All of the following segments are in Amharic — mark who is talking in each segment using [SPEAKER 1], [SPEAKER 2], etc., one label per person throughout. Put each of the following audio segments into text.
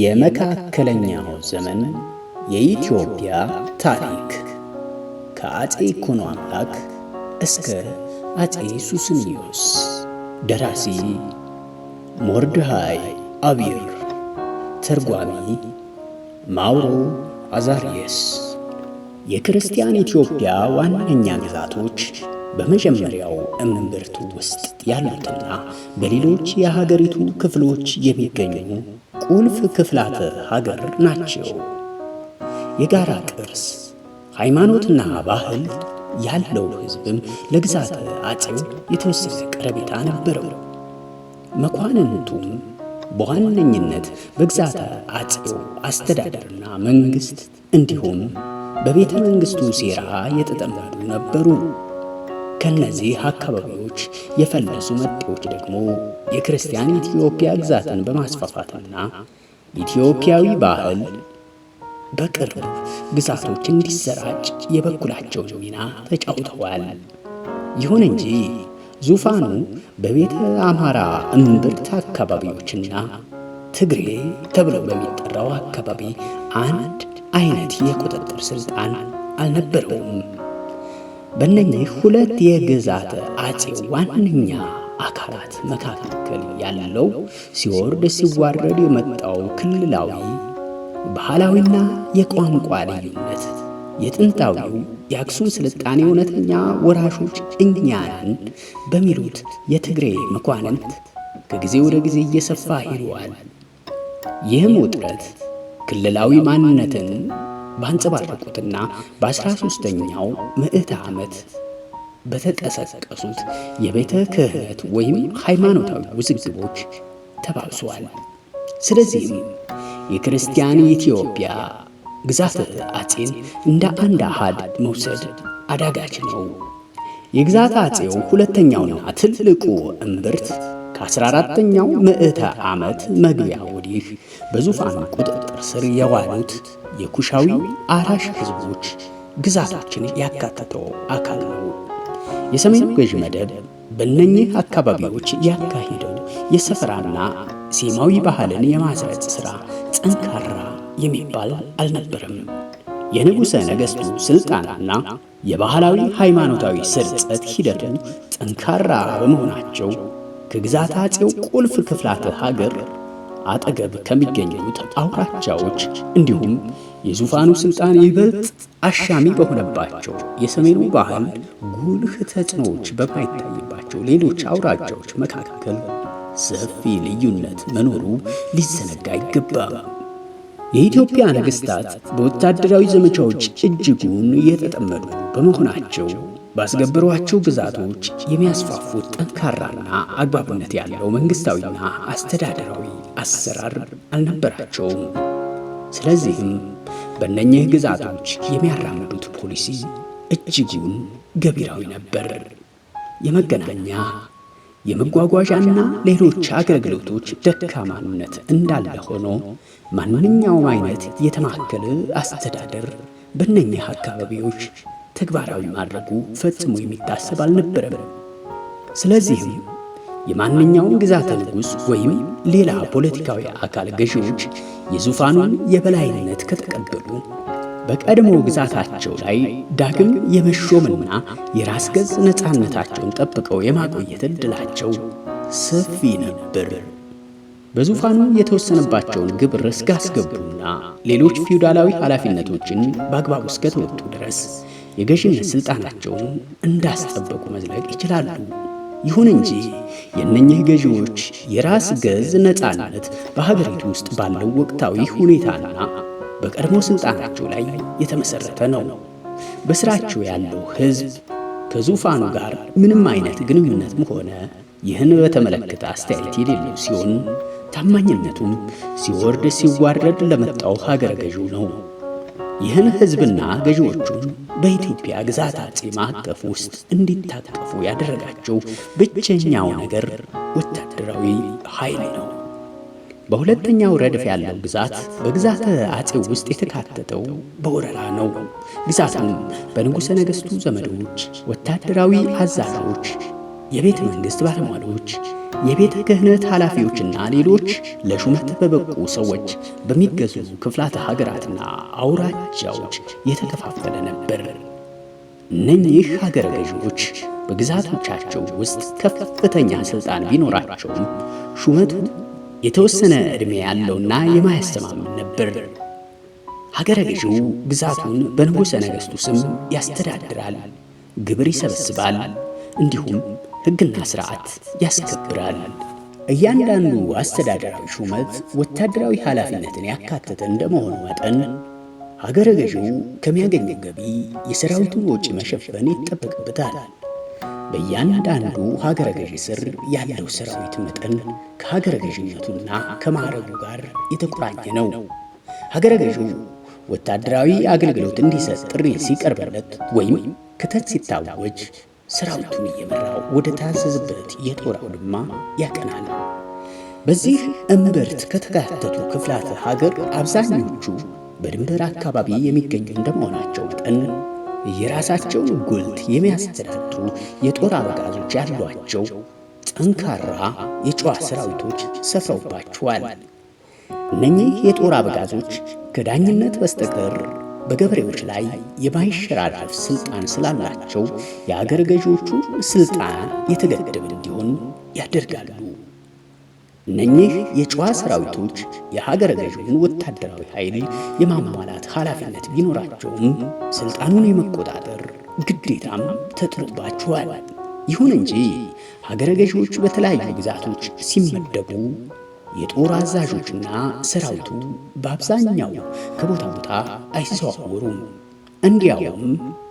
[SPEAKER 1] የመካከለኛው ዘመን የኢትዮጵያ ታሪክ ከአጼ ይኩኖ አምላክ እስከ አጼ ሱስንዮስ። ደራሲ ሞርድሃይ አቢር፣ ተርጓሚ ማውሮ አዛርየስ። የክርስቲያን ኢትዮጵያ ዋነኛ ግዛቶች በመጀመሪያው እምብርቱ ውስጥ ያሉትና በሌሎች የሀገሪቱ ክፍሎች የሚገኙ ቁልፍ ክፍላተ ሀገር ናቸው። የጋራ ቅርስ ሃይማኖትና ባህል ያለው ሕዝብም ለግዛተ አጼው የተወሰነ ቀረቤታ ነበረው። መኳንንቱም በዋነኝነት በግዛተ አጼው አስተዳደርና መንግሥት እንዲሁም በቤተ መንግሥቱ ሴራ የተጠመዱ ነበሩ። ከእነዚህ አካባቢዎች የፈለሱ መጤዎች ደግሞ የክርስቲያን ኢትዮጵያ ግዛትን በማስፋፋትና ኢትዮጵያዊ ባህል በቅርብ ግዛቶች እንዲሰራጭ የበኩላቸውን ሚና ተጫውተዋል። ይሁን እንጂ ዙፋኑ በቤተ አማራ እምብርት አካባቢዎችና ትግሬ ተብሎ በሚጠራው አካባቢ አንድ አይነት የቁጥጥር ስልጣን አልነበረውም። በእነኚህ ሁለት የግዛት አጼ ዋነኛ አካላት መካከል ያለው ሲወርድ ሲዋረድ የመጣው ክልላዊ ባህላዊና የቋንቋ ልዩነት የጥንታዊው የአክሱም ስልጣኔ እውነተኛ ወራሾች እኛን በሚሉት የትግሬ መኳንንት ከጊዜ ወደ ጊዜ እየሰፋ ሂደዋል ይህም ውጥረት ክልላዊ ማንነትን ባንጸባረቁትና በአስራ ሦስተኛው ምዕተ ዓመት በተቀሰቀሱት የቤተ ክህነት ወይም ሃይማኖታዊ ውዝግቦች ተባብሰዋል። ስለዚህም የክርስቲያን ኢትዮጵያ ግዛት አጼን እንደ አንድ አሃድ መውሰድ አዳጋች ነው። የግዛት አጼው ሁለተኛውና ትልቁ እምብርት ከ 14 ምዕተ ዓመት መግቢያ ወዲህ በዙፋን ቁጥጥር ስር የዋሉት የኩሻዊ አራሽ ሕዝቦች ግዛታችን ያካተተው አካል ነው። የሰሜኑ ገዥ መደብ በእነኚህ አካባቢዎች ያካሄደው የሰፈራና ሴማዊ ባህልን የማስረጽ ሥራ ጠንካራ የሚባል አልነበረም። የንጉሠ ነገሥቱ ሥልጣንና የባህላዊ ሃይማኖታዊ ስርጸት ሂደቱ ጠንካራ በመሆናቸው ከግዛት አጼው ቁልፍ ክፍላተ ሀገር አጠገብ ከሚገኙት አውራጃዎች እንዲሁም የዙፋኑ ሥልጣን ይበልጥ አሻሚ በሆነባቸው የሰሜኑ ባህል ጉልህ ተጽዕኖዎች በማይታይባቸው ሌሎች አውራጃዎች መካከል ሰፊ ልዩነት መኖሩ ሊዘነጋ አይገባም። የኢትዮጵያ ነገሥታት በወታደራዊ ዘመቻዎች እጅጉን እየተጠመዱ በመሆናቸው ባስገበሯቸው ግዛቶች የሚያስፋፉት ጠንካራና አግባብነት ያለው መንግስታዊና አስተዳደራዊ አሰራር አልነበራቸውም። ስለዚህም በእነኚህ ግዛቶች የሚያራምዱት ፖሊሲ እጅጉን ገቢራዊ ነበር። የመገናኛ የመጓጓዣና ሌሎች አገልግሎቶች ደካማነት እንዳለ ሆኖ ማንኛውም አይነት የተማከለ አስተዳደር በእነኚህ አካባቢዎች ተግባራዊ ማድረጉ ፈጽሞ የሚታሰብ አልነበረም። ስለዚህም የማንኛውም ግዛተ ንጉሥ ወይም ሌላ ፖለቲካዊ አካል ገዢዎች የዙፋኑን የበላይነት ከተቀበሉ በቀድሞ ግዛታቸው ላይ ዳግም የመሾምና የራስ ገዝ ነፃነታቸውን ጠብቀው የማቆየት ዕድላቸው ሰፊ ነበር። በዙፋኑ የተወሰነባቸውን ግብር እስካስገቡና ሌሎች ፊውዳላዊ ኃላፊነቶችን በአግባቡ እስከተወጡ ድረስ የገዥነት ሥልጣናቸውን እንዳስጠበቁ መዝለቅ ይችላሉ። ይሁን እንጂ የእነኚህ ገዢዎች የራስ ገዝ ነፃነት በሀገሪቱ ውስጥ ባለው ወቅታዊ ሁኔታና በቀድሞ ሥልጣናቸው ላይ የተመሠረተ ነው። በሥራቸው ያለው ሕዝብ ከዙፋኑ ጋር ምንም አይነት ግንኙነትም ሆነ ይህን በተመለከተ አስተያየት የሌለው ሲሆን ታማኝነቱም ሲወርድ ሲዋረድ ለመጣው ሀገረ ገዢው ነው። ይህን ሕዝብና ገዢዎቹን በኢትዮጵያ ግዛት አጼ ማዕቀፍ ውስጥ እንዲታቀፉ ያደረጋቸው ብቸኛው ነገር ወታደራዊ ኃይል ነው። በሁለተኛው ረድፍ ያለው ግዛት በግዛተ አጼው ውስጥ የተካተተው በወረራ ነው። ግዛቱም በንጉሠ ነገሥቱ ዘመዶች፣ ወታደራዊ አዛዦች የቤተ መንግሥት ባለሟሎች፣ የቤተ ክህነት ኃላፊዎችና ሌሎች ለሹመት በበቁ ሰዎች በሚገዙ ክፍላተ ሀገራትና አውራጃዎች የተከፋፈለ ነበር። እነኚህ ሀገረ ገዢዎች በግዛቶቻቸው ውስጥ ከፍተኛ ሥልጣን ቢኖራቸውም ሹመቱ የተወሰነ ዕድሜ ያለውና የማያስተማምን ነበር። ሀገረ ገዢው ግዛቱን በንጉሠ ነገሥቱ ስም ያስተዳድራል፣ ግብር ይሰበስባል፣ እንዲሁም ሕግና ሥርዓት ያስከብራል። እያንዳንዱ አስተዳደራዊ ሹመት ወታደራዊ ኃላፊነትን ያካተተ እንደመሆኑ መጠን ሀገረ ገዢው ከሚያገኘው ገቢ የሰራዊቱን ወጪ መሸፈን ይጠበቅበታል። በእያንዳንዱ ሀገረ ገዢ ስር ያለው ሰራዊት መጠን ከሀገረ ገዢነቱና ከማዕረጉ ጋር የተቆራኘ ነው። ሀገረ ገዢው ወታደራዊ አገልግሎት እንዲሰጥ ጥሪ ሲቀርብለት ወይም ክተት ሲታወጅ ሰራዊቱን እየመራው ወደ ታዘዝበት የጦር አውድማ ያቀናል። በዚህ እምብርት ከተካተቱ ክፍላተ ሀገር አብዛኞቹ በድንበር አካባቢ የሚገኙ እንደመሆናቸው መጠን የራሳቸውን ጉልት የሚያስተዳድሩ የጦር አበጋዞች ያሏቸው ጠንካራ የጨዋ ሰራዊቶች ሰፍረውባቸዋል። እነኚህ የጦር አበጋዞች ከዳኝነት በስተቀር በገበሬዎች ላይ የማይሸራረፍ ስልጣን ስላላቸው የአገር ገዢዎቹ ስልጣን የተገደበ እንዲሆን ያደርጋሉ። እነኚህ የጨዋ ሰራዊቶች የሀገረ ገዢውን ወታደራዊ ኃይል የማሟላት ኃላፊነት ቢኖራቸውም ስልጣኑን የመቆጣጠር ግዴታም ተጥሎባቸዋል። ይሁን እንጂ ሀገረ ገዢዎች በተለያዩ ግዛቶች ሲመደቡ የጦር አዛዦችና ሰራዊቱ በአብዛኛው ከቦታ ቦታ አይዘዋወሩም። እንዲያውም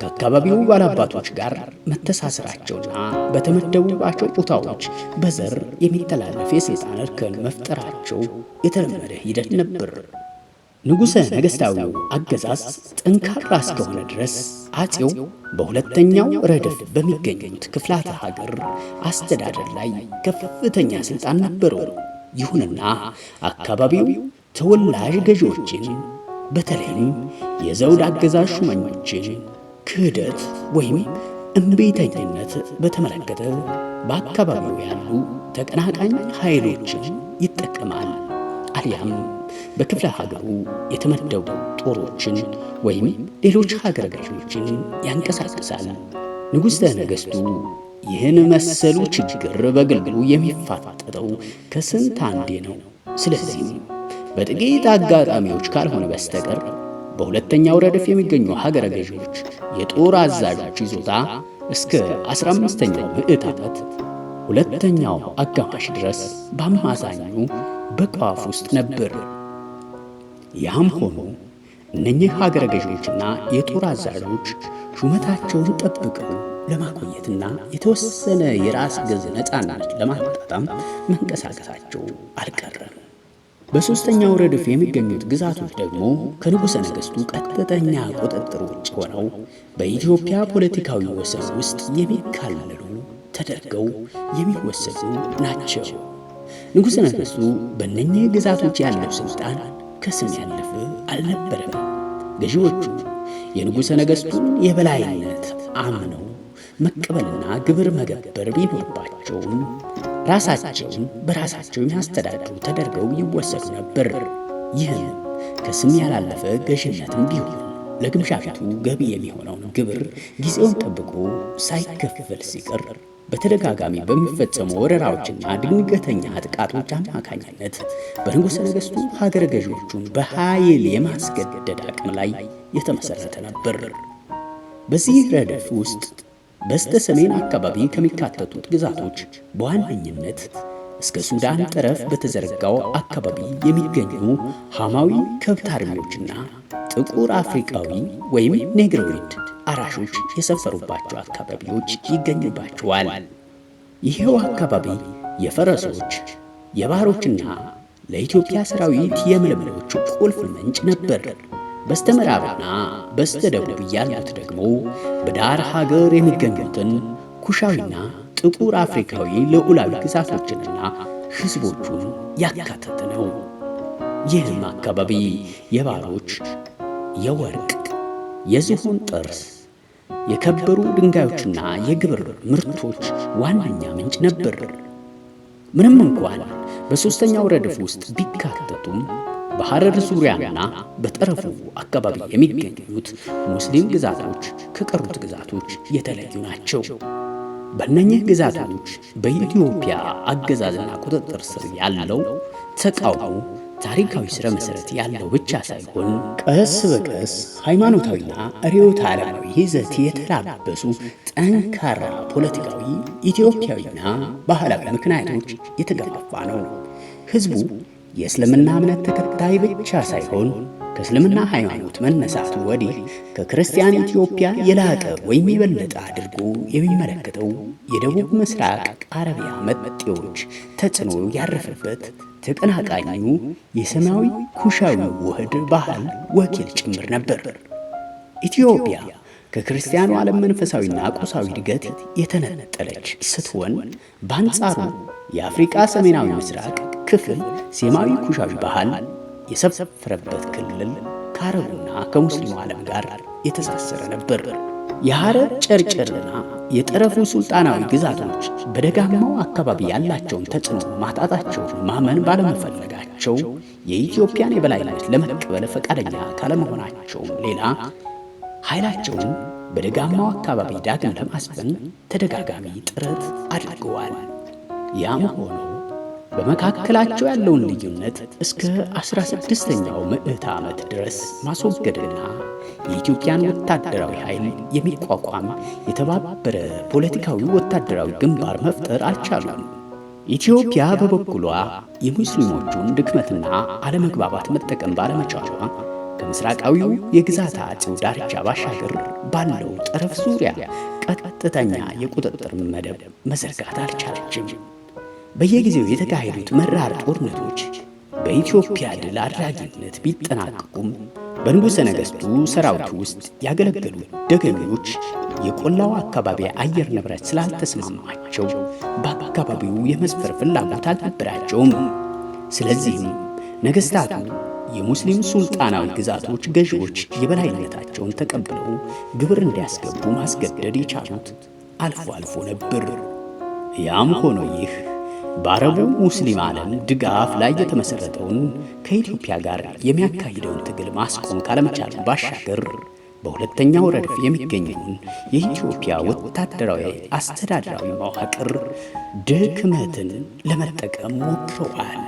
[SPEAKER 1] ከአካባቢው ባላባቶች ጋር መተሳሰራቸውና በተመደቡባቸው ቦታዎች በዘር የሚተላለፍ የሥልጣን እርከን መፍጠራቸው የተለመደ ሂደት ነበር። ንጉሠ ነገሥታዊው አገዛዝ ጠንካራ እስከሆነ ድረስ አፄው በሁለተኛው ረድፍ በሚገኙት ክፍላተ ሀገር አስተዳደር ላይ ከፍተኛ ሥልጣን ነበረው። ይሁንና አካባቢው ተወላጅ ገዢዎችን በተለይም የዘውድ አገዛዝ ሹመኞችን ክህደት ወይም እምቢተኝነት በተመለከተ በአካባቢው ያሉ ተቀናቃኝ ኃይሎችን ይጠቀማል። አሊያም በክፍለ ሀገሩ የተመደቡ ጦሮችን ወይም ሌሎች ሀገረ ገዢዎችን ያንቀሳቅሳል። ንጉሠ ነገሥቱ ይህን መሰሉ ችግር በግልግሉ የሚፋጠጠው ከስንት አንዴ ነው። ስለዚህም በጥቂት አጋጣሚዎች ካልሆነ በስተቀር በሁለተኛው ረድፍ የሚገኙ ሀገረ ገዢዎች የጦር አዛዦች ይዞታ እስከ 15ኛው ምዕት ዓመት ሁለተኛው አጋማሽ ድረስ በአማዛኙ በቋፍ ውስጥ ነበር። ያም ሆኖ እነኚህ ሀገረ ገዢዎችና የጦር አዛዦች ሹመታቸውን ጠብቀው ለማቆየትና የተወሰነ የራስ ገዝ ነፃነት ለማጣጣም መንቀሳቀሳቸው አልቀረም። በሦስተኛው ረድፍ የሚገኙት ግዛቶች ደግሞ ከንጉሠ ነገሥቱ ቀጥተኛ ቁጥጥር ውጭ ሆነው በኢትዮጵያ ፖለቲካዊ ወሰን ውስጥ የሚካለሉ ተደርገው የሚወሰዱ ናቸው። ንጉሠ ነገሥቱ በእነኚህ ግዛቶች ያለው ሥልጣን ከስም ያለፈ አልነበረም። ገዢዎቹ የንጉሠ ነገሥቱን የበላይነት አምነው መቀበልና ግብር መገበር ቢኖርባቸውም ራሳቸውን በራሳቸው የሚያስተዳድሩ ተደርገው ይወሰዱ ነበር። ይህም ከስም ያላለፈ ገዥነትም ቢሆን ለግምጃ ቤቱ ገቢ የሚሆነውን ግብር ጊዜውን ጠብቆ ሳይከፈል ሲቀር በተደጋጋሚ በሚፈጸሙ ወረራዎችና ድንገተኛ ጥቃቶች አማካኝነት በንጉሠ ነገሥቱ ሀገረ ገዢዎቹን በኃይል የማስገደድ አቅም ላይ የተመሠረተ ነበር። በዚህ ረድፍ ውስጥ በስተ ሰሜን አካባቢ ከሚካተቱት ግዛቶች በዋነኝነት እስከ ሱዳን ጠረፍ በተዘረጋው አካባቢ የሚገኙ ሐማዊ ከብት አርሚዎችና ጥቁር አፍሪካዊ ወይም ኔግሮይድ አራሾች የሰፈሩባቸው አካባቢዎች ይገኙባቸዋል። ይሄው አካባቢ የፈረሶች የባሮችና ለኢትዮጵያ ሰራዊት የምልምሎች ቁልፍ ምንጭ ነበር። በስተ በስተደቡብ ያሉት ደግሞ በዳር ሀገር የሚገኙትን ኩሻዊና ጥቁር አፍሪካዊ ልዑላዊ ግዛቶችንና ሕዝቦቹን ያካተተ ነው። ይህም አካባቢ የባሮች የወርቅ የዝሆን ጥርስ የከበሩ ድንጋዮችና የግብር ምርቶች ዋነኛ ምንጭ ነበር። ምንም እንኳን በሦስተኛው ረድፍ ውስጥ ቢካተቱም በሐረር ዙሪያና በጠረፉ አካባቢ የሚገኙት ሙስሊም ግዛቶች ከቀሩት ግዛቶች የተለዩ ናቸው። በእነኚህ ግዛቶች በኢትዮጵያ አገዛዝና ቁጥጥር ስር ያለው ተቃውሞ ታሪካዊ ሥረ መሰረት ያለው ብቻ ሳይሆን ቀስ በቀስ ሃይማኖታዊና ርዕዮተ ዓለማዊ ይዘት የተላበሱ ጠንካራ ፖለቲካዊ፣ ኢትዮጵያዊና ባህላዊ ምክንያቶች የተገፋፋ ነው። ሕዝቡ የእስልምና እምነት ተከታይ ብቻ ሳይሆን ከእስልምና ሃይማኖት መነሳቱ ወዲህ ከክርስቲያን ኢትዮጵያ የላቀ ወይም የበለጠ አድርጎ የሚመለከተው የደቡብ ምስራቅ አረቢያ መጤዎች ተጽዕኖ ያረፈበት ተቀናቃኙ የሰማያዊ ኩሻዊ ውህድ ባህል ወኪል ጭምር ነበር። ኢትዮጵያ ከክርስቲያኑ ዓለም መንፈሳዊና ቁሳዊ እድገት የተነጠለች ስትሆን፣ በአንጻሩ የአፍሪቃ ሰሜናዊ ምስራቅ ክፍል ሴማዊ ኩሻዊ ባህል የሰፈረበት ክልል ከአረቡና ከሙስሊሙ ዓለም ጋር የተሳሰረ ነበር። የሐረር ጨርጨርና የጠረፉ ሱልጣናዊ ግዛቶች በደጋማው አካባቢ ያላቸውን ተጽዕኖ ማጣታቸውን ማመን ባለመፈለጋቸው የኢትዮጵያን የበላይነት ለመቀበል ፈቃደኛ ካለመሆናቸውም ሌላ ኃይላቸውን በደጋማው አካባቢ ዳግም ለማስፈን ተደጋጋሚ ጥረት አድርገዋል። ያም ሆኖ በመካከላቸው ያለውን ልዩነት እስከ 16ኛው ምዕት ዓመት ድረስ ማስወገድና የኢትዮጵያን ወታደራዊ ኃይል የሚቋቋም የተባበረ ፖለቲካዊ ወታደራዊ ግንባር መፍጠር አልቻሉም። ኢትዮጵያ በበኩሏ የሙስሊሞቹን ድክመትና አለመግባባት መጠቀም ባለመቻሏ ከምስራቃዊው የግዛት አጼው ዳርቻ ባሻገር ባለው ጠረፍ ዙሪያ ቀጥተኛ የቁጥጥር መደብ መዘርጋት አልቻለችም። በየጊዜው የተካሄዱት መራር ጦርነቶች በኢትዮጵያ ድል አድራጊነት ቢጠናቀቁም በንጉሠ ነገሥቱ ሰራዊት ውስጥ ያገለገሉ ደገኞች የቆላው አካባቢ አየር ንብረት ስላልተስማማቸው በአካባቢው የመስፈር ፍላጎት አልነበራቸውም። ስለዚህም ነገሥታቱ የሙስሊም ሱልጣናዊ ግዛቶች ገዢዎች የበላይነታቸውን ተቀብለው ግብር እንዲያስገቡ ማስገደድ የቻሉት አልፎ አልፎ ነበር። ያም ሆኖ ይህ በአረቡ ሙስሊም ዓለም ድጋፍ ላይ የተመሠረተውን ከኢትዮጵያ ጋር የሚያካሂደውን ትግል ማስቆም ካለመቻሉ ባሻገር በሁለተኛው ረድፍ የሚገኘውን የኢትዮጵያ ወታደራዊ አስተዳደራዊ መዋቅር ድክመትን ለመጠቀም ሞክረዋል።